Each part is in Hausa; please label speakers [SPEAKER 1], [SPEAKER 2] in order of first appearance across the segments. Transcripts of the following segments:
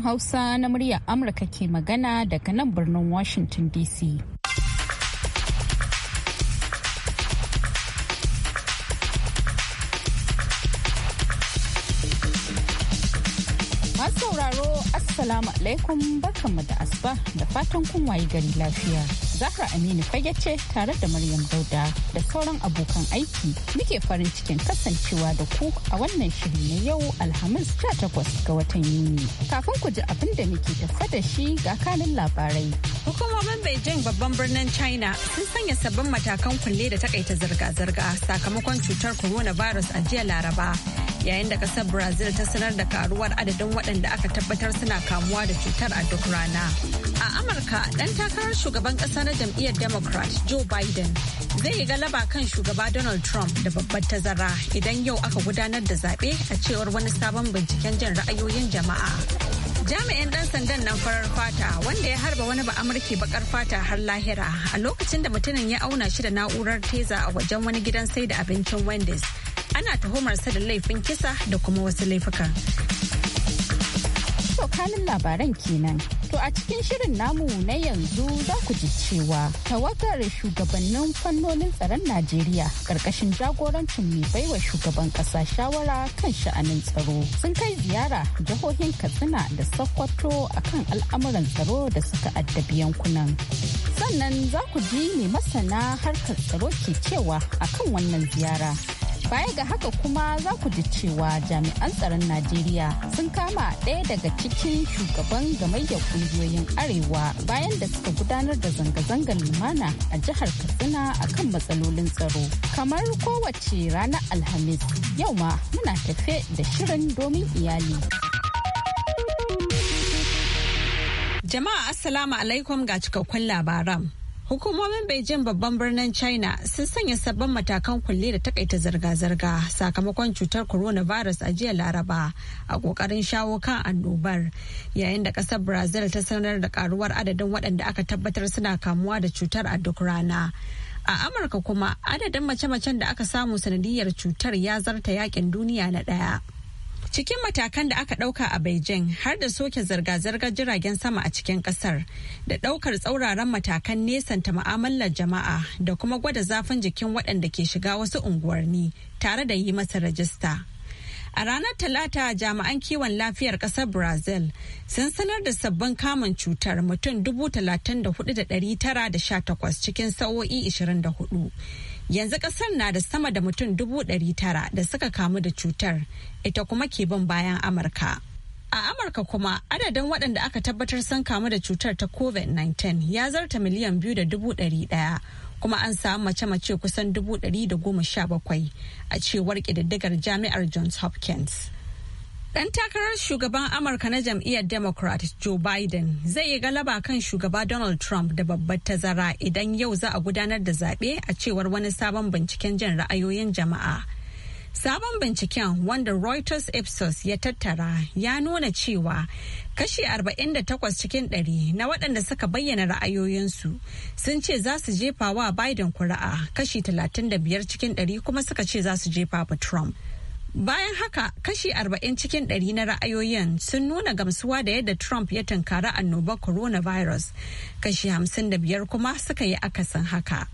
[SPEAKER 1] sashen Hausa na muryar Amurka ke magana daga nan birnin Washington DC. Masu sauraro, Assalamu alaikum barkanmu da asuba da fatan kun wayi gari lafiya. Zahra Aminu fage ce tare da Maryam Dauda da sauran abokan aiki muke farin cikin kasancewa da ku a wannan shiri na yau Alhamis 18 ga watan Yuni. Kafin ku ji abin da muke tafa da shi ga kanin labarai.
[SPEAKER 2] Hukumomin Beijing babban birnin China sun sanya sabbin matakan kulle da takaita zirga-zirga sakamakon cutar coronavirus a jiya Laraba. yayin da kasar brazil ta sanar da karuwar adadin waɗanda aka tabbatar suna kamuwa da cutar a duk rana a amurka ɗan takarar shugaban ƙasa na jam'iyyar democrat joe biden zai yi galaba kan shugaba donald trump da babbar tazara idan yau aka gudanar da zaɓe a cewar wani sabon binciken jin ra'ayoyin jama'a jami'in dan sandan nan farar fata wanda ya harba wani ba amurki bakar fata har lahira a lokacin da mutumin ya auna shi da na'urar teza a wajen wani gidan sai da abincin wendy's ana tuhumarsa da laifin kisa da kuma wasu laifuka.
[SPEAKER 1] To kanin labaran kenan. To a cikin shirin namu na yanzu za ku ji cewa tawagar shugabannin fannonin tsaron Najeriya ƙarƙashin jagorancin mai baiwa shugaban ƙasa shawara kan sha'anin tsaro sun kai ziyara jihohin Katsina da Sokoto a kan al'amuran tsaro da suka addabi yankunan. Sannan za ku ji mai masana harkar tsaro ke cewa a kan wannan ziyara. Baya ga haka kuma za ku ji cewa jami'an tsaron Najeriya sun kama ɗaya daga cikin shugaban gamayyar ƙungiyoyin Arewa bayan da suka gudanar da zanga-zangar lumana a jihar Katsina akan matsalolin tsaro. Kamar
[SPEAKER 2] kowace ranar Alhamis, yau ma muna tafe da shirin domin iyali. Jama'a Assalamu alaikum ga cikakkun labaran. Hukumomin Beijing babban birnin China sun sanya sabbin matakan kulle da takaita zirga-zirga sakamakon cutar coronavirus a jiya Laraba a kokarin shawo kan annobar yayin da kasar Brazil ta sanar da karuwar adadin waɗanda aka tabbatar suna kamuwa da cutar a duk rana. A Amurka kuma adadin mace-macen da aka samu sanadiyar cutar ya zarta yakin duniya na ɗaya. Cikin matakan da aka ɗauka a Beijing har da soke zirga-zirgar jiragen sama a cikin ƙasar da ɗaukar tsauraran matakan nesanta ma'amalar jama'a da kuma gwada zafin jikin waɗanda ke shiga wasu unguwanni tare da yi masa rajista. A ranar Talata jami'an kiwon lafiyar ƙasar Brazil sun sanar da sabbin kamun cutar mutum 34,918 cikin sa'o'i 24. Yanzu kasar na da sama da mutum dubu ɗari tara da suka kamu da cutar, ita kuma ke bin bayan Amurka. A Amurka kuma adadin waɗanda aka tabbatar sun kamu da cutar ta COVID-19 ya zarta miliyan biyu da dubu ɗari ɗaya. kuma an samu mace-mace kusan dubu ɗari da goma sha bakwai a cewar ƙididdigar jami'ar johns hopkins Ɗan takarar shugaban Amurka na jam'iyyar Democrat Joe Biden zai yi galaba kan shugaba Donald Trump da babbar tazara idan yau za a gudanar da zaɓe a cewar wani sabon binciken jin ra'ayoyin jama'a. Sabon binciken wanda Reuters Ipsos ya tattara ya nuna cewa kashi 48 cikin 100 na waɗanda suka bayyana ra'ayoyinsu sun ce za su jefa wa Biden kuri'a kashi 35 cikin 100 kuma suka ce za su jefa Trump. Bayan haka, kashi 40 cikin ɗari na ra'ayoyin sun nuna gamsuwa da yadda Trump ya tunkari annobar coronavirus, kashi 55 kuma suka yi akasin haka.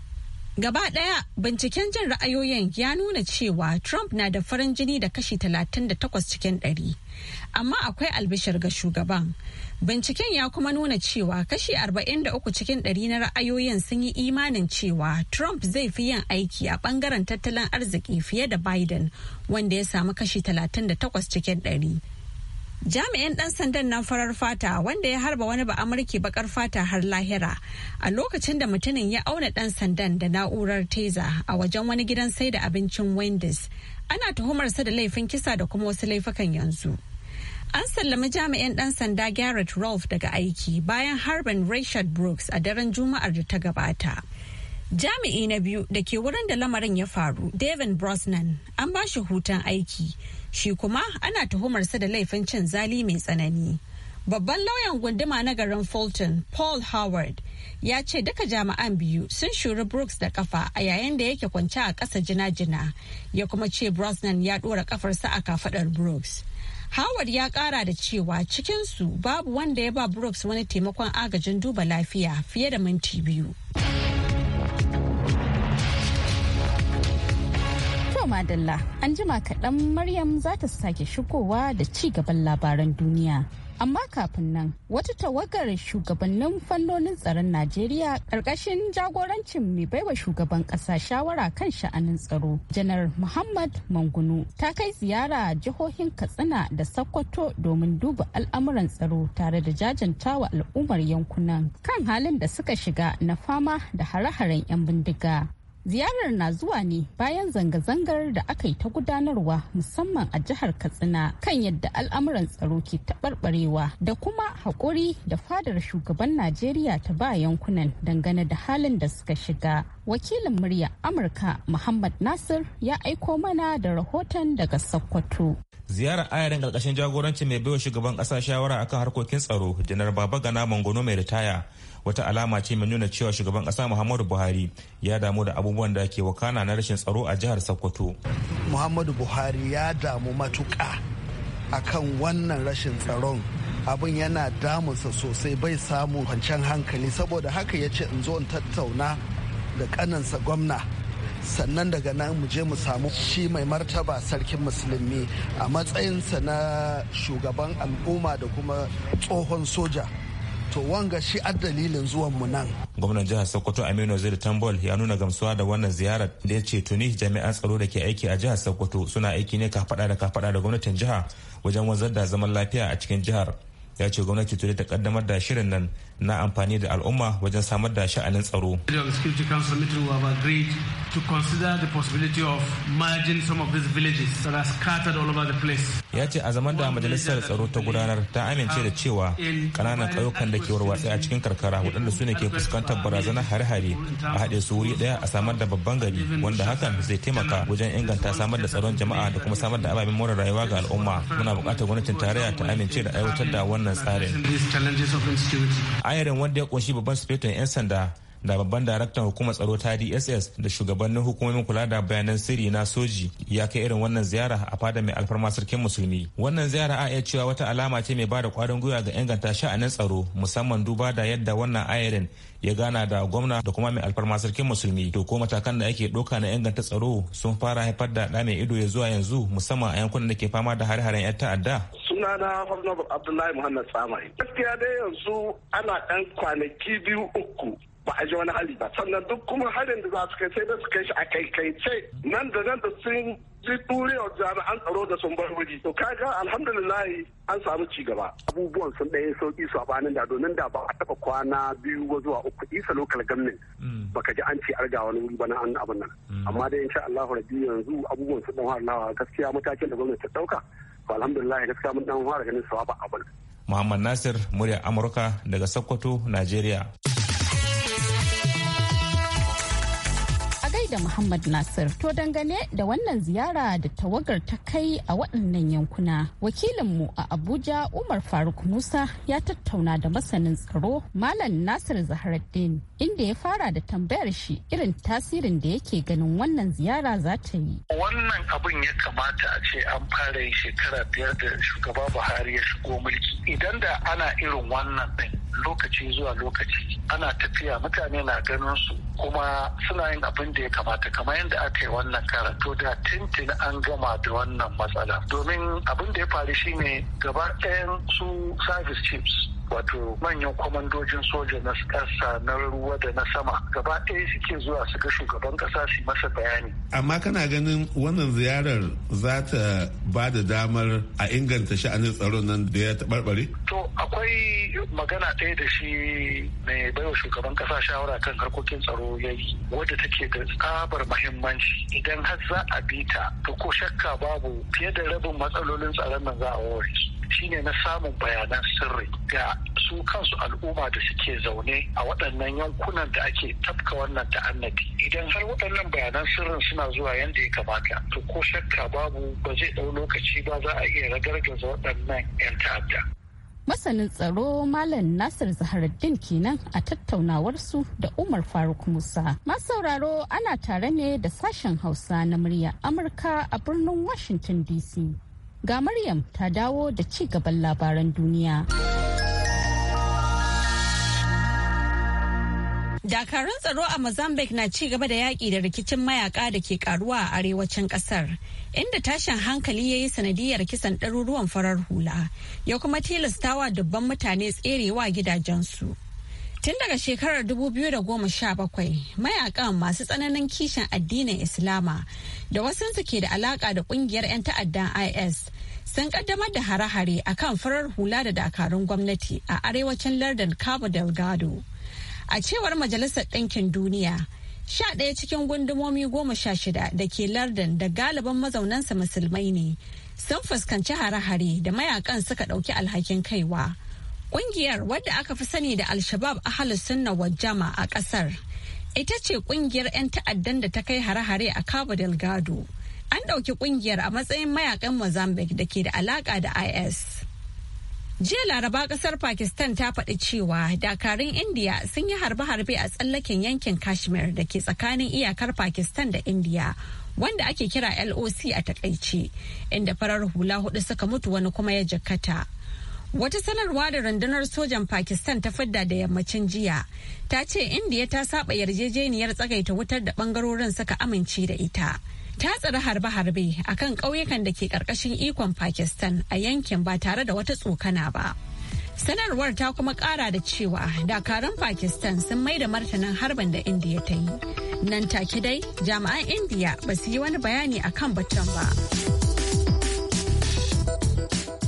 [SPEAKER 2] Gaba ɗaya binciken jin ra'ayoyin ya nuna cewa Trump na da farin jini da kashi 38 cikin ɗari, amma akwai albishir ga shugaban. Binciken ya kuma nuna cewa kashi 43 cikin ɗari na ra'ayoyin sun yi imanin cewa Trump zai fi yin aiki a ɓangaren tattalin arziki fiye da Biden wanda ya samu kashi 38 cikin ɗari. Jami'in ɗan sandan na farar fata wanda ya harba wani ba'amurki bakar fata har lahira a lokacin da mutumin ya auna ɗan sandan da na'urar teza a wajen wani gidan sai da abincin Wendy's ana tuhumarsa da laifin kisa da kuma wasu laifukan yanzu. An sallami jami'in ɗan sanda Garrett Rolf daga aiki bayan harbin Rashad Brooks a daren Juma'ar da ta gabata. Jami'i na biyu da ke wurin da lamarin ya faru, Devin Brosnan, an ba shi hutun aiki, shi kuma ana tuhumarsa da laifin cin zali mai tsanani. Babban lauyan gunduma na garin Fulton, Paul Howard, ya ce duka jami'an biyu sun shuri Brooks da kafa a yayin da yake kwance a ƙasa jina-jina, ya kuma ce Brosnan ya ɗora kafarsa a kafaɗar Brooks. Howard ya kara da cewa cikinsu babu wanda ya ba Brooks wani taimakon agajin duba lafiya fiye da minti biyu.
[SPEAKER 1] madalla an jima kaɗan Maryam za ta sake shigowa da ci gaban labaran duniya. amma kafin nan wata tawagar shugabannin fannonin tsaron najeriya ƙarƙashin jagorancin mai baiwa shugaban ƙasa shawara kan sha'anin tsaro janar muhammad mangunu ta kai ziyara jihohin katsina da sokoto domin duba al'amuran tsaro tare da jajantawa al'ummar yankunan kan halin da suka shiga na fama da hare-haren 'yan bindiga ziyarar na zuwa ne bayan zanga-zangar da aka yi ta gudanarwa musamman a jihar katsina kan yadda al'amuran tsaro ke taɓarɓarewa da kuma haƙuri da fadar shugaban najeriya ta ba yankunan dangane da halin da suka shiga wakilin murya amurka muhammad nasir ya aiko mana da rahoton daga sokoto
[SPEAKER 3] ziyarar ayarin karkashin jagoranci mai baiwa shugaban ƙasa shawara akan harkokin tsaro janar baba gana mangono mai ritaya wata alama ce mai nuna cewa shugaban kasa muhammadu buhari ya damu da abubuwan da ke wakana na rashin tsaro a jihar sokoto
[SPEAKER 4] muhammadu buhari ya damu matuka akan wannan rashin tsaron abin yana damunsa sosai bai samu kwanciyar hankali saboda haka ya ce in zo in tattauna da kanansa gwamna sannan daga nan mu je mu samu shi mai martaba sarkin musulmi a matsayinsa na shugaban al'umma da kuma tsohon soja to wanga shi a dalilin zuwan mu nan
[SPEAKER 3] gwamnan jihar sokoto aminu zai tambol ya nuna gamsuwa da wannan ziyarar da ya ce tuni jami'an tsaro da ke aiki a jihar sokoto suna aiki ne kafaɗa da kafada da gwamnatin jiha wajen wanzar da zaman lafiya a cikin jihar ya ce gwamnati tuni ta kaddamar da shirin nan na amfani da al'umma wajen samar da sha'anin tsaro. to consider the possibility of some of these villages the place. Ya ce a zaman da majalisar tsaro ta gudanar ta amince da cewa kananan ƙauyukan da ke warwatse a cikin karkara waɗanda su ne ke fuskantar barazanar hare-hare a haɗe su wuri ɗaya a samar da babban gari wanda hakan zai taimaka wajen inganta samar da tsaron jama'a da kuma samar da ababen more rayuwa ga al'umma. Muna buƙatar gwamnatin tarayya ta amince da aiwatar da wannan tsarin. ayarin wanda ya kunshi babban sufetin 'yan sanda da babban daraktan hukumar tsaro ta dss da shugabannin hukumomin kula da bayanan sirri na soji ya kai irin wannan ziyara a fada mai alfarma sarkin musulmi wannan ziyara a iya cewa wata alama ce mai bada kwarin gwiwa ga inganta sha'anin tsaro musamman duba da yadda wannan ayarin ya gana da gwamna da kuma mai alfarma sarkin musulmi to ko matakan da ake ɗauka na inganta tsaro sun fara haifar da ɗa mai ido ya zuwa yanzu musamman a yankunan da ke fama da hare-haren 'yan ta'adda
[SPEAKER 5] sunana
[SPEAKER 6] honorable abdullahi muhammad samari gaskiya dai yanzu ana ɗan kwanaki biyu uku ba a ji wani hali ba sannan duk kuma harin da za su kai sai da su kai shi a kai kai ce nan da nan da sun ji turewar jami'an tsaro da sun bar wuri to kaga alhamdulillah an samu
[SPEAKER 5] ci gaba abubuwan sun ɗaya sauki su a banin da domin da ba a taɓa kwana biyu ba zuwa uku isa local mm. Ba baka ji an ci arga wani wuri ba na an abin nan mm. amma dai insha Allah rabbi yanzu abubuwan sun dan halawa gaskiya matakin da gwamnati ta dauka to alhamdulillah gaskiya mun dan fara ganin a
[SPEAKER 3] abin Muhammad Nasir murya Amurka daga Sokoto Najeriya
[SPEAKER 1] da Muhammad Nasir. To dangane da wannan ziyara da tawagar ta kai a waɗannan yankuna, wakilinmu a Abuja Umar Faruk Musa ya tattauna da masanin tsaro Malam Nasir Zaharaddin inda ya fara da tambayar shi irin tasirin da yake ganin wannan ziyara za ta yi.
[SPEAKER 5] Wannan abin ya kamata a ce an fara yi shekara biyar da shugaba Buhari ya shigo mulki. Idan da ana irin wannan ɗin lokaci zuwa lokaci ana tafiya mutane na ganin su kuma suna yin abin da ya kamata kamar yadda aka yi wannan karatu da tintin an gama da wannan matsala domin abin da ya faru shine gaba ɗayan su service chiefs wato manyan kwamandojin soja na ƙasa na ruwa da na sama gaba ɗaya suke zuwa su ga shugaban ƙasa su masa bayani.
[SPEAKER 3] Amma kana ganin
[SPEAKER 6] wannan ziyarar za ta ba da damar a inganta sha'anin tsaron nan da ya taɓarɓare?
[SPEAKER 5] To akwai magana ɗaya da shi mai baiwa shugaban ƙasa shawara kan harkokin tsaro ya yi wadda take da tsabar mahimmanci idan har za a bi ta to ko shakka babu fiye da rabin matsalolin tsaron nan za a ware shine na samun bayanan sirri ga su kansu al'umma da suke zaune a waɗannan yankunan da ake tafka wannan ta'annabi idan har waɗannan bayanan sirrin suna zuwa yadda ya kamata to ko shakka babu ba zai ɗau lokaci ba za a iya ragargaza waɗannan 'yan ta'adda
[SPEAKER 1] masanin tsaro malam nasir zaharuddin kenan a tattaunawar su da umar faruk musa masauraro ana tare ne da sashen hausa na murya amurka a birnin washington dc Ga Maryam ta dawo da ci gaban
[SPEAKER 2] labaran duniya. Dakarun tsaro a Mozambique na ci gaba da yaƙi da rikicin mayaka da ke karuwa a arewacin ƙasar, inda tashin hankali ya yi sanadiyar kisan ɗaruruwan farar hula, ya kuma tilastawa dubban mutane tserewa gidajensu. Tun daga shekarar 2017, mayakan masu tsananin kishin addinin Islama da wasansu ke da alaka da ƙungiyar 'yan ta'addan IS sun kaddamar da hare-hare a kan farar hula da dakarun gwamnati a arewacin lardin cabo delgado a cewar majalisar ɗinkin duniya sha ɗaya cikin gundumomi goma sha shida da ke lardin da galibin mazaunansa musulmai ne sun fuskanci hare-hare da mayakan suka ɗauki alhakin kaiwa ƙungiyar wadda aka fi sani da alshabab ahalus sunna wajama a ƙasar ita ce ƙungiyar 'yan ta'addan da ta kai hare-hare a cabo delgado ɗauki ƙungiyar a matsayin mayakan Mozambique da ke da alaƙa da IS. Jiya Laraba kasar Pakistan ta faɗi cewa dakarun India sun yi harbe-harbe a tsallaken yankin Kashmir da ke tsakanin iyakar Pakistan da India wanda ake kira LOC a takaice inda farar hula hudu suka mutu wani kuma ya jakata Wata sanarwa da rundunar sojan Pakistan ta fadda da yammacin jiya ta ce India ta saba yarjejeniyar tsagaita wutar da bangarorin suka amince da ita. ta tsari harbe-harbe a kan ƙauyukan da ke ƙarƙashin ikon Pakistan a yankin ba tare da wata tsokana ba. Sanarwar ta kuma ƙara da cewa dakarun Pakistan sun mai da martanin harbin da Indiya ta yi. Nan take dai jami'an Indiya ba su yi wani bayani a kan batun ba.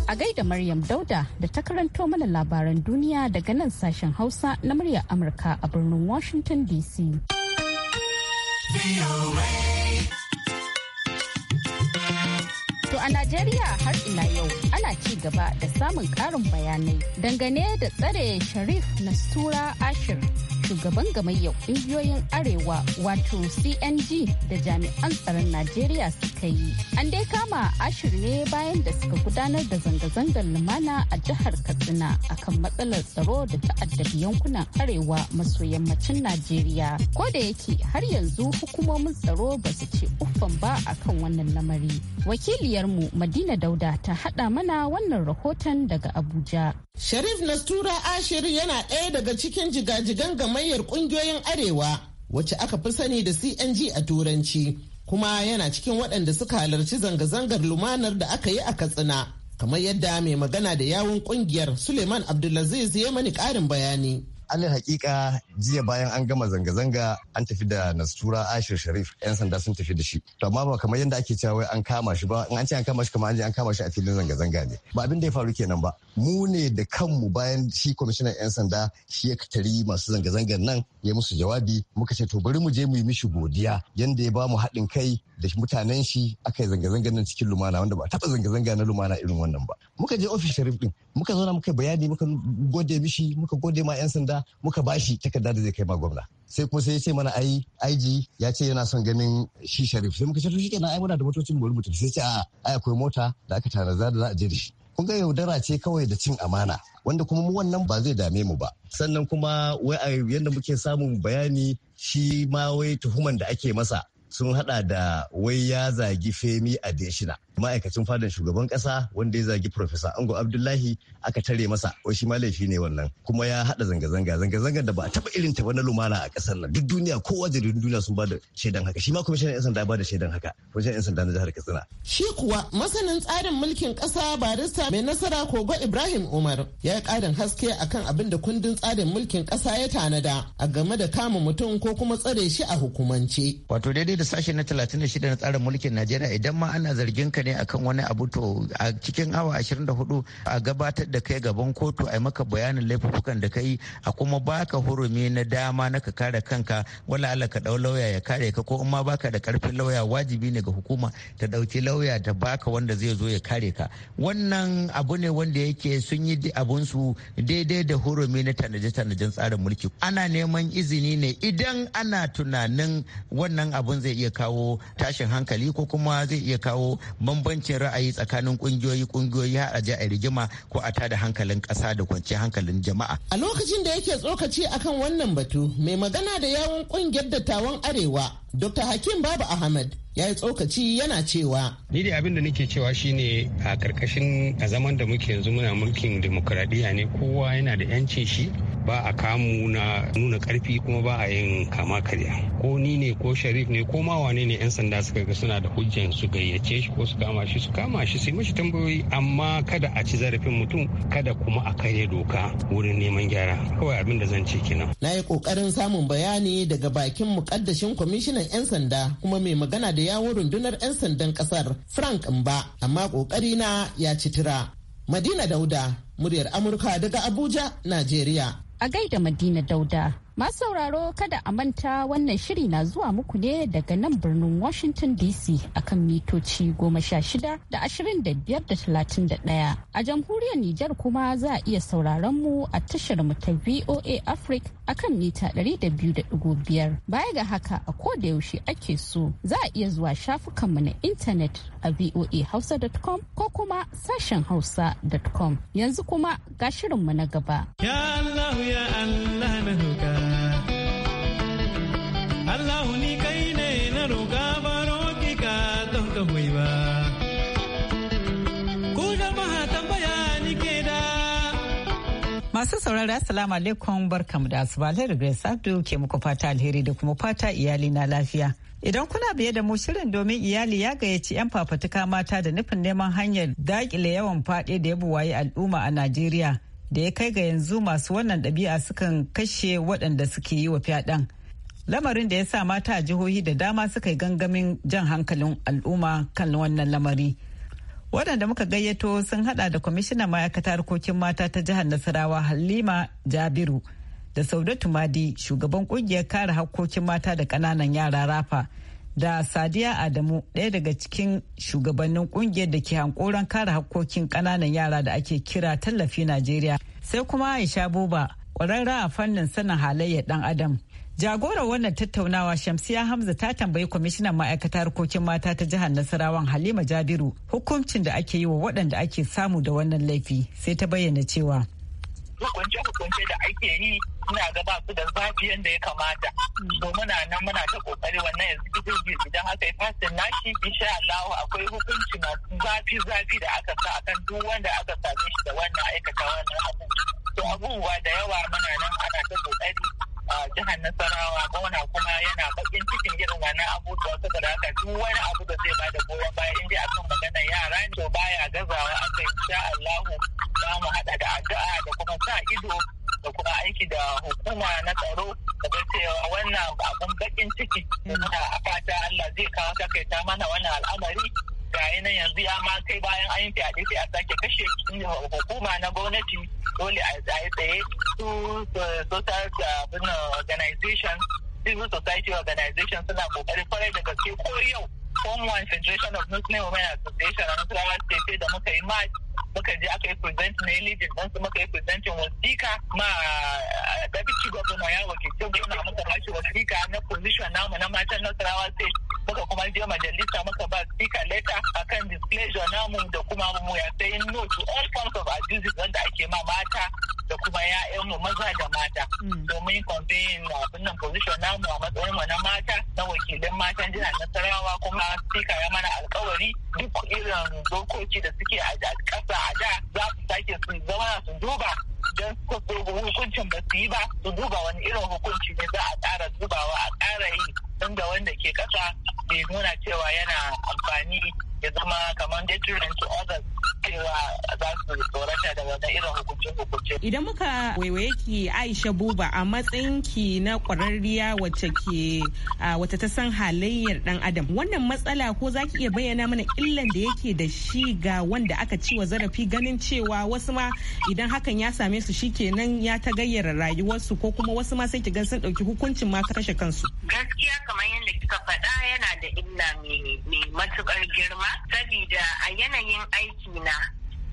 [SPEAKER 1] A gaida Maryam Dauda da ta karanto mana labaran duniya daga nan sashen Hausa na muryar Amurka a birnin Washington DC. A Najeriya har ila yau ana ci gaba da samun ƙarin bayanai dangane da tsare Sharif Nastura Ashir shugaban gamayyar ƙungiyoyin arewa wato cng da jami'an tsaron najeriya suka yi an dai kama ashir ne bayan da suka gudanar da zanga-zangar lumana a jihar katsina akan matsalar tsaro da ta'addabi yankunan arewa maso yammacin najeriya ko da yake har yanzu hukumomin tsaro ba su ce uffan ba akan wannan lamari wakiliyarmu madina dauda ta hada mana wannan rahoton daga
[SPEAKER 4] abuja sharif nastura ashir yana ɗaya daga cikin jigajigan gamayyar ƙungiyoyin arewa wacce aka fi sani da cng a turanci kuma yana cikin waɗanda suka halarci zanga-zangar lumanar da aka yi a katsina kamar yadda mai magana da yawun kungiyar suleiman abdulaziz ya mani ƙarin bayani alin hakika jiya bayan
[SPEAKER 6] an gama zanga-zanga an tafi da nastura ashir sharif yan sanda sun tafi da shi to amma ba kamar yadda ake cewa an kama shi ba in an ce an kama shi kamar an je an kama shi a filin zanga-zanga ne ba abin da ya faru kenan ba mu ne da kanmu bayan shi kwamishinan yan sanda shi ya tari masu zanga-zangar nan ya musu jawabi muka ce to bari mu je mu yi mishi godiya yanda ya bamu haɗin kai da mutanen shi aka yi zanga zanga nan cikin lumana wanda ba taɓa zanga-zanga na lumana irin wannan ba muka je ofis sharif ɗin muka zauna muka bayani muka gode mishi muka gode ma 'yan sanda muka bashi takarda da zai kai ma gwamna sai kuma sai ya ce mana ai IG ya ce yana son ganin shi sharif sai muka ce to kenan ai muna da motocin bari mu tafi sai ce a ai akwai mota da aka tanada da za a je da shi kun ga yaudara ce kawai da cin amana wanda kuma mu wannan ba zai dame mu ba sannan kuma wai a yadda muke samun bayani shi ma wai tuhuman da ake masa sun hada da wai ya zagi femi a deshina ma'aikacin fadan shugaban kasa wanda ya zagi profesa ango abdullahi aka tare masa wai shi laifi ne wannan kuma ya hada zanga-zanga zanga-zangar da ba a taba irin ta ba na lumana a kasar nan duk duniya kowa duk duniya sun bada shaidan haka shi ma kwamishinan yan sanda ba da shaidan haka kwamishinan yan sanda na jihar katsina
[SPEAKER 4] shi kuwa masanin tsarin mulkin kasa barista mai nasara kogo ibrahim umar ya yi karin haske akan abin da kundin tsarin mulkin kasa ya tanada a game da kama mutum ko kuma tsare shi a hukumance wato daidai da sashe na 36 na tsarin mulkin najeriya idan ma ana zargin ka ne akan wani abu to a cikin awa 24 a gabatar da kai gaban kotu a maka bayanin laifukan da kai a kuma baka hurumi na dama na ka kare kanka wala Allah ka dau lauya ya kare ka ko in ma baka da karfin lauya wajibi ne ga hukuma ta dauki lauya ta baka wanda zai zo ya kare ka wannan abu ne wanda yake sun yi abun su daidai da hurumi na tanaje-tanajen tsarin mulki ana neman izini ne idan ana tunanin wannan abun zai iya kawo tashin hankali ko kuma zai iya kawo bambancin ra'ayi tsakanin kungiyoyi kungiyoyi har a je rigima ko a tada hankalin kasa da kwance hankalin jama'a a lokacin da yake tsokaci akan wannan batu mai magana da yawun kungiyar dattawan arewa Dr. Hakim Baba Ahmed ya yi tsokaci yana cewa.
[SPEAKER 3] Ni da abin da nake cewa shine a karkashin a zaman da muke yanzu muna mulkin demokuraɗiyya ne kowa yana da 'yancin shi ba a kamu na nuna karfi kuma ba a yin kama karya ko ni ne ko sharif ne ko Mawa wane ne 'yan sanda suka ga suna da hujjan su gayyace shi ko su kama shi su kama shi su mashi tambayoyi amma kada a ci zarafin mutum kada kuma a karya doka wurin neman gyara kawai abin da zan ce kenan.
[SPEAKER 4] Na yi kokarin samun bayani daga bakin mukaddashin kwamishinan 'yan sanda kuma mai magana da yawon rundunar 'yan sandan kasar Frank Mba amma kokari na ya ci tira. Madina Dauda, muryar Amurka daga Abuja, Najeriya.
[SPEAKER 1] A gaida Madina Dauda. Masu sauraro kada a manta wannan shiri na zuwa muku ne daga nan birnin Washington DC akan mitoci goma sha shida da ashirin da biyar da talatin da ɗaya. A jamhuriyar Nijar kuma za a iya sauraron mu a tashar mu ta VOA Africa akan mita ɗari da biyu da ɗigo biyar. Baya ga haka a ko da yaushe ake so za a iya zuwa shafukan mu na intanet a voahausa.com ko kuma sashen hausa.com. Yanzu kuma ga shirinmu na gaba.
[SPEAKER 3] Ya Allah ya Allah na Allah ni kai ne na roƙa baro kika don ka ba. Ku jama'a tambaya ni ke da.
[SPEAKER 7] Masu saurari Assalamu alaikum barkamu da asuba Alheri Grace Abdu ke muku fata alheri da kuma fata iyali na lafiya. Idan kuna biye da mu shirin domin iyali ya gayyaci 'yan fafatuka mata da nufin neman hanyar dakile yawan faɗi da ya buwaye al'umma a Najeriya da ya kai ga yanzu masu wannan ɗabi'a sukan kashe waɗanda suke yi wa fyaɗan. lamarin da ya sa mata a jihohi da dama suka yi gangamin jan hankalin al'umma kan wannan lamari waɗanda muka gayyato sun hada da kwamishinan ma'aikata harkokin mata ta jihar nasarawa halima jabiru da saudatu madi shugaban kungiyar kare harkokin mata da ƙananan yara rafa da sadiya adamu ɗaya daga cikin shugabannin kungiyar da ke hankoron kare harkokin ƙananan yara da ake kira tallafi najeriya sai kuma aisha buba ƙwararra a fannin sanin halayyar ɗan adam Jagorar wannan tattaunawa Shamsiya Hamza ta tambayi kwamishinan ma'aikatar harkokin mata ta jihar Nasarawan Halima Jabiru hukuncin da ake yi wa waɗanda ake samu da wannan laifi sai ta bayyana cewa.
[SPEAKER 5] Hukunce-hukunce da ake yi suna gaba su da zafi yadda ya kamata. To muna nan muna ta kokari wannan executive idan aka yi fasin nashi insha Allah akwai hukunci masu zafi-zafi da aka sa akan duk wanda aka same shi da wannan aikata wannan abu. To abubuwa da yawa mana jihar Nasarawa gona kuma yana bakin cikin irin wannan abubuwa saboda haka duk wani abu da zai bada goyon baya in dai akan magana yara ne to baya gazawa
[SPEAKER 7] Aisha Buba a matsayin ki na ƙwararriya wacce ke wata ta san halayyar ɗan adam. Wannan matsala ko zaki iya bayyana mana illan da yake da shi ga wanda aka ci wa zarafi ganin cewa wasu ma idan hakan ya same su shi kenan ya ta gayyara rayuwarsu ko kuma wasu ma sai ki gan sun ɗauki hukuncin ma kashe kansu. Gaskiya
[SPEAKER 8] kamar yadda kika faɗa yana da illa mai matukar girma sabida a yanayin aiki na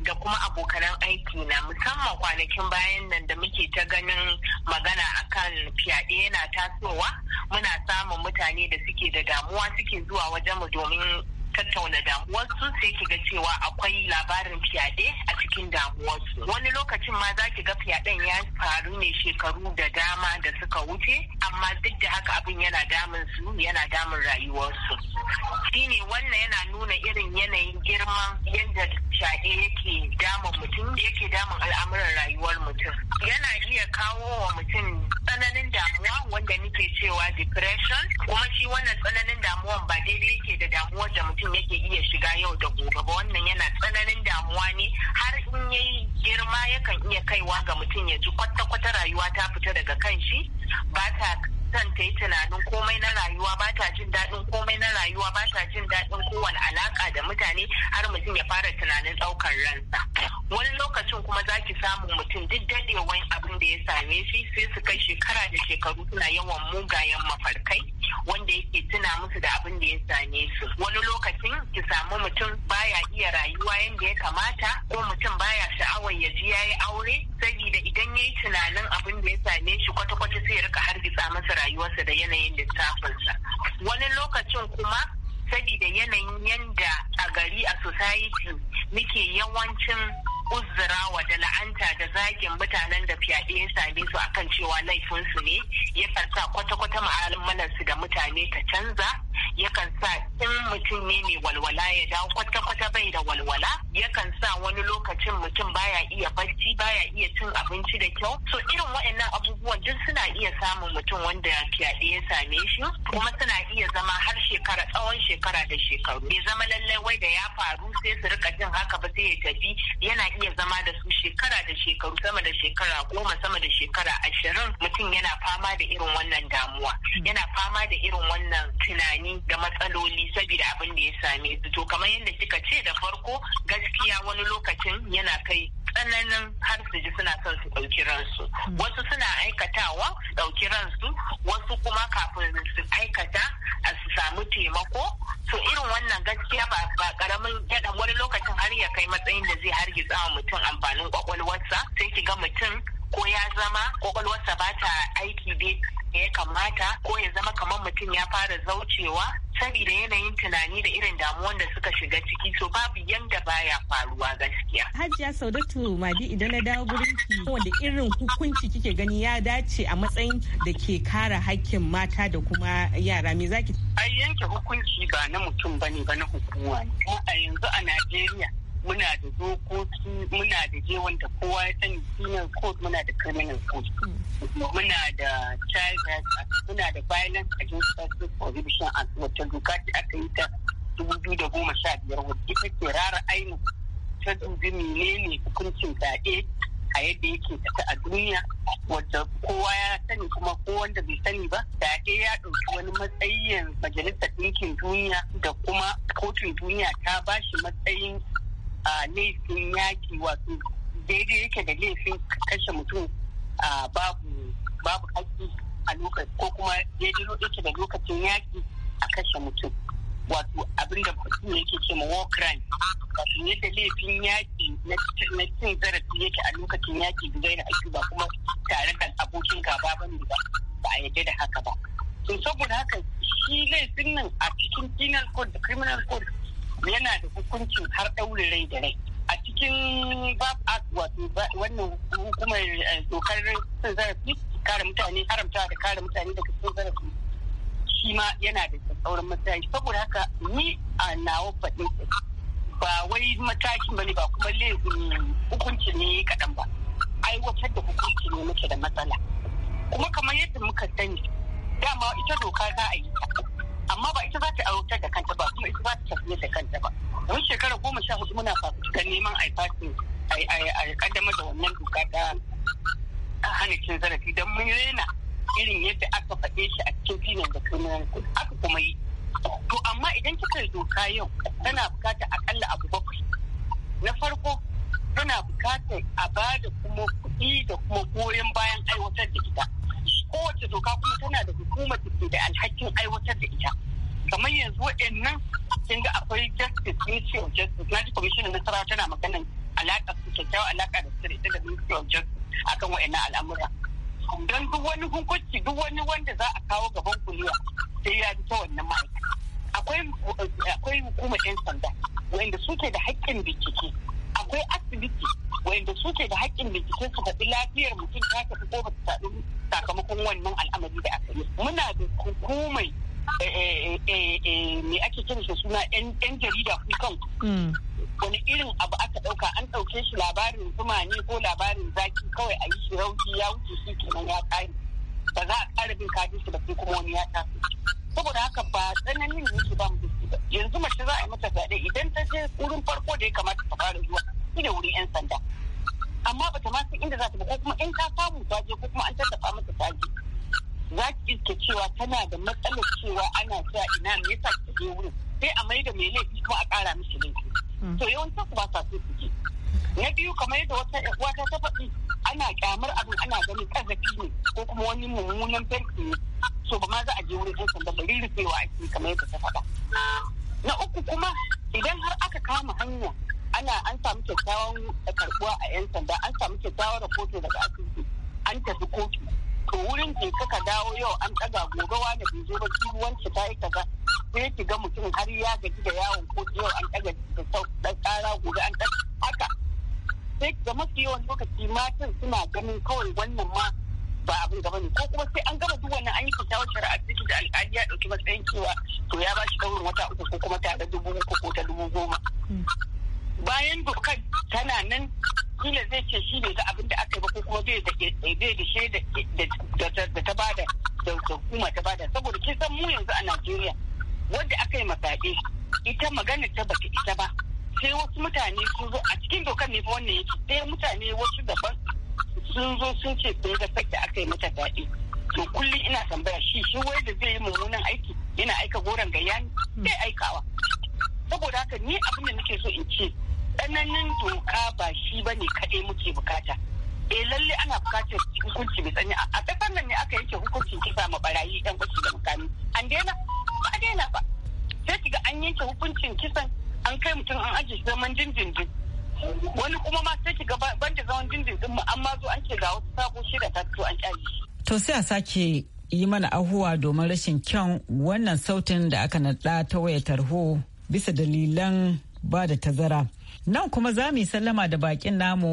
[SPEAKER 8] da kuma abokanan aiki na musamman kwanakin bayan nan da muke ta ganin magana akan fyaɗe yana tasowa muna samun mutane da suke da damuwa suke zuwa wajen mu domin tattauna damuwarsu sai ki ga cewa akwai labarin fyaɗe a cikin damuwarsu wani lokacin ma za ki ga fyaɗen ya faru ne shekaru da dama da suka wuce amma duk da haka abin yana damun su yana damun rayuwarsu shine wannan yana nuna irin yanayin girman yadda fyaɗe yake damun mutum yake damun al'amuran rayuwar mutum yana iya kawo wa mutum tsananin damuwa wanda nake cewa depression kuma shi wannan tsananin damuwan ba daidai yake da damuwar da mutum mutum yake iya shiga yau da gobe ba wannan yana tsananin damuwa ne har in yayi girma yakan iya kaiwa ga mutum ya ji kwata-kwata rayuwa ta fita daga kan shi ba ta son ta yi tunanin komai na rayuwa ba ta jin daɗin komai na rayuwa ba ta jin daɗin kowane alaƙa da mutane har mutum ya fara tunanin ɗaukar ransa. baya iya barci baya iya cin abinci da kyau so irin waɗannan abubuwan duk suna iya samun mutum wanda fyaɗe ya same shi kuma suna iya zama har shekara tsawon shekara da shekaru bai zama lallai wai da ya faru sai su rika jin haka ba sai ya tafi yana iya zama da su shekara da shekaru sama da shekara goma sama da shekara ashirin mutum yana fama da irin wannan damuwa yana fama da irin wannan tunani da matsaloli saboda abin da ya same su to kamar yadda kika ce da farko gaskiya wani lokacin yana kai tsananin har su ji suna son su ɗauki ransu wasu suna aikatawa su ɗauki ransu wasu kuma kafin su aikata a su samu taimako to irin wannan gaskiya ba karamin yaɗa wani lokacin har ya kai matsayin da zai hargitsa wa mutum amfanin kwakwalwarsa sai ki ga mutum ko ya zama kwakwalwarsa ba ta aiki dai ya kamata ko ya zama kamar mutum ya fara zaucewa saboda yanayin tunani da irin damuwan da suka shiga ciki so babu yanda baya faruwa gaskiya
[SPEAKER 7] hajiya saudatu madi idan na dawo gurin ki wanda irin hukunci kike gani ya dace a matsayin da ke kara hakkin mata da kuma yara me zaki
[SPEAKER 8] ai yanke hukunci ba na mutum bane ba na hukuma a yanzu a Najeriya muna da dokoki muna da je wanda kowa ya sani penal code muna da criminal code muna da child act muna da violence against sexual prohibition act wacce doka ce aka yi ta 2015 wadda ita ke rara ainihin ta dubi menene hukuncin zaɓe a yadda yake tafi a duniya wadda kowa ya sani kuma ko wanda bai sani ba zaɓe ya ɗauki wani matsayin majalisar ɗinkin duniya da kuma kotun duniya ta ba shi matsayin laifin yaƙi wato daidai yake da laifin kashe mutum babu babu haƙƙi a lokaci ko kuma daidai yake da lokacin yaƙi a kashe mutum wato abinda mutum yake ce ma war crime yadda laifin yaƙi na cin zarafi yake a lokacin yaƙi da zai aiki ba kuma tare da abokin gaba ba ne ba ba a yadda da haka ba to saboda haka shi laifin nan a cikin penal code da criminal code yana da hukuncin har ɗaure rai da rai a cikin bab act wato wannan hukumar eh, dokar cin zarafi kare mutane haramta da kare mutane daga cin zarafi shi yana da tsauran matsayi saboda haka ni a nawa faɗin ba wai matakin ne ba kuma laifin hukunci ne kaɗan ba aiwatar da hukunci ne muke da matsala kuma kamar yadda muka sani dama ita doka za a yi ta amma ba ita za ta aiwatar da kanta ba kuma ita za ta tafiye da kanta ba don shekara goma sha hudu muna fafutukar neman a fasin a kaddama da wannan doka ta hana cin zarafi don mun rena irin yadda aka faɗe shi a cikin filin da aka kuma yi to amma idan kika yi doka yau tana bukata akalla abu bakwai na farko tana bukatar a ba da kuma kuɗi da kuma goyon bayan aiwatar da ita kowace doka kuma tana da hukumar da ke da alhakin aiwatar da ita kamar yanzu waɗannan kin ga akwai justice ministry of justice na ji commissioner na sarawa tana maganar alaƙa su kyakkyawar alaƙa da su da ministry of justice akan waɗannan al'amura don duk wani hukunci duk wani wanda za a kawo gaban kuliya sai ya bi ta wannan ma'aikata akwai hukumar 'yan sanda wanda suke da haƙƙin bincike akwai asibiti wanda suke da haƙƙin bincike su faɗi lafiyar mutum ta tafi ko bata saɗu sakamakon wannan al'amari da aka yi muna da hukumai eh, eh, eh, me ake kira suna 'yan jarida kan mm. wani irin abu aka ɗauka an ɗauke shi labarin zuma ne ko labarin zaki kawai a yi shi rauki ya wuce shi kenan ya ƙare ba za a ƙara bin kaji shi ba sai kuma wani ya tafi saboda haka ba tsananin ne shi ba mu ba yanzu mace za a yi mata fyaɗe idan ta je wurin farko da ya kamata ta fara zuwa shi ne wurin 'yan sanda amma bata ma san inda za ta ba ko kuma in ta samu ta je ko kuma an tafa mata ta je za ki iske cewa tana da matsalar cewa ana sa ina me yasa ta je wurin sai a maida mai laifi kuma a kara mishi laifi Mm. to yawancin ba sa su na biyu kamar yadda wata wata ta faɗi ana kyamar abin ana ganin ƙarfi ne ko kuma wani mummunan fenti ne so ba ma za a je wurin yan sanda bari rufewa ake kamar yadda ta faɗa na uku kuma idan har aka kama hanya ana an samu kyakkyawan karbuwa a 'yan sanda an samu kyakkyawan rahoto daga asibiti an tafi kotu to wurin ke kaka dawo yau an ɗaga gobe wani bai zo ba kiwon ta yi kaza sai ki ga mutum har ya gaji da yawon kotu yau an sai ga mafi yawan lokaci matan suna ganin kawai wannan ma ba abin gaba ne ko kuma sai an gama duk wannan an yi fita wacce ra'a ciki da alƙali ya ɗauki matsayin cewa to ya shi ɗaurin wata uku ko kuma tare dubu uku ko ta dubu goma. Bayan dokar tana nan kila zai ce shi bai ga abin da aka yi ba ko kuma bai da shaida da ta bada da hukuma ta bada saboda kin san mu yanzu a Najeriya wadda aka yi masaɗe ita magana ta baka ita ba sai wasu mutane sun zo a cikin dokar ne wannan yake sai mutane wasu daban sun zo sun ce sai da sake aka yi mata daɗi to kullum ina tambaya shi shi wai da zai yi mummunan aiki yana aika goron gaya ne sai hmm. aikawa saboda haka ni abin da nake so in ce tsananin doka ba shi ba ne kaɗai muke bukata eh lalle ana bukatar hukunci mai tsanani a ƙasar nan ne aka yanke hukuncin kisa ma barayi ɗan gwaci da mukami an daina ba a daina ba sai ga an yanke hukuncin kisan an kai mutum an ajiye zaman dindindin wani kuma ma sai ki gaba banda zaman dindindin mu amma zo an ke ga wasu sabo shida ta
[SPEAKER 7] fito an kyale to sai a sake yi mana ahuwa domin rashin kyan wannan sautin da aka naɗa ta wayar tarho bisa dalilan ba da tazara nan kuma za mu yi sallama da bakin namu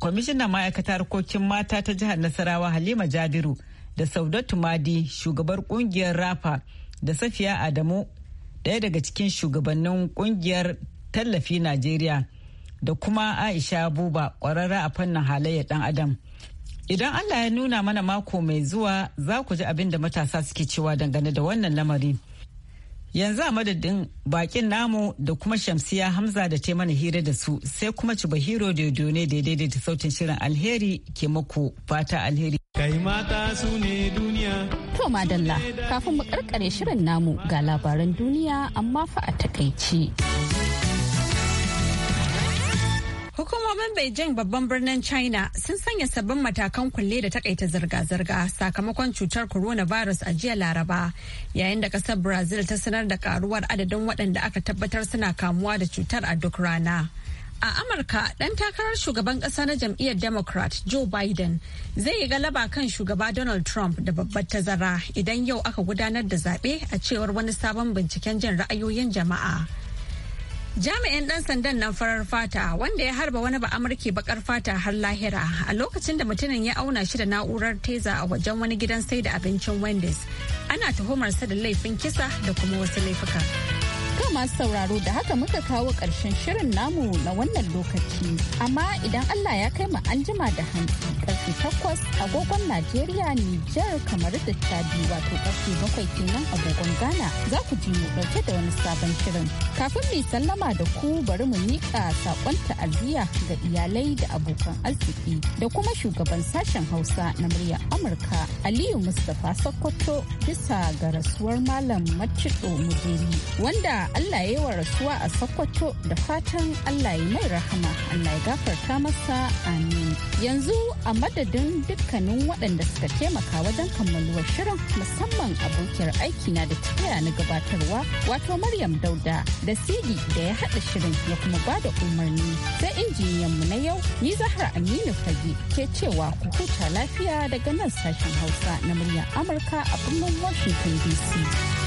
[SPEAKER 7] kwamishinan ma'aikatar harkokin mata ta jihar nasarawa halima jabiru da saudatu madi shugabar kungiyar rafa da safiya adamu ɗaya daga cikin shugabannin kungiyar tallafi najeriya da kuma aisha buba ƙwararra a fannin halayyar ɗan adam idan allah ya nuna mana mako mai zuwa za ku ji abin da matasa suke cewa dangane da wannan lamari yanzu a madadin bakin namu da kuma shamsiya hamza da ta mana hira da su sai kuma ci bahiro da ne daidai da ta sautin shirin alheri ke muku fata alheri kai
[SPEAKER 4] mata su ne duniya To madalla
[SPEAKER 1] kafin mu karkare shirin namu ga labaran duniya amma fa a takaici.
[SPEAKER 2] Hukumomin Beijing babban birnin China sun sanya sabbin matakan kulle da takaita zirga-zirga sakamakon cutar coronavirus a jiya Laraba, yayin da kasar Brazil ta sanar da karuwar adadin waɗanda aka tabbatar suna kamuwa da cutar a duk rana. a amurka ɗan takarar shugaban ƙasa na jam'iyyar democrat joe biden zai yi galaba kan shugaba donald trump da babbar tazara idan yau aka gudanar da zaɓe a cewar wani sabon binciken jin ra'ayoyin jama'a jami'in ɗan sandan nan farar fata wanda ya harba wani ba amurki bakar fata har lahira a lokacin da mutumin ya auna shi da na'urar teza a wajen wani gidan sai da abincin wendy's ana tuhumarsa da laifin kisa da kuma wasu laifuka.
[SPEAKER 1] Ga masu sauraro da haka muka kawo ƙarshen shirin namu na wannan lokaci. Amma idan Allah ya kai mu anjima da hanki ƙarfe takwas agogon Najeriya Nijar kamar da tabi wato ƙarfe bakwai kenan agogon Ghana za ku ji mu ɗauke da wani sabon shirin. Kafin mu sallama da ku bari mu miƙa saƙon ta'aziyya ga iyalai da abokan arziki da kuma shugaban sashen Hausa na muryar Amurka Aliyu Mustapha Sokoto bisa ga rasuwar Malam Macido Mudeli wanda Allah ya yi wa rasuwa a Sokoto da fatan Allah ya mai rahama Allah ya gafarta masa amin. Yanzu a madadin dukkanin waɗanda suka taimaka wajen kammaluwar shirin musamman abokiyar aiki na da tafiya na gabatarwa wato Maryam Dauda da Sidi da ya haɗa shirin ya kuma ba da umarni sai injiniyan mu na yau ni Zahra Aminu Fage ke cewa ku huta lafiya daga nan sashen Hausa na muryar Amurka a birnin Washington DC.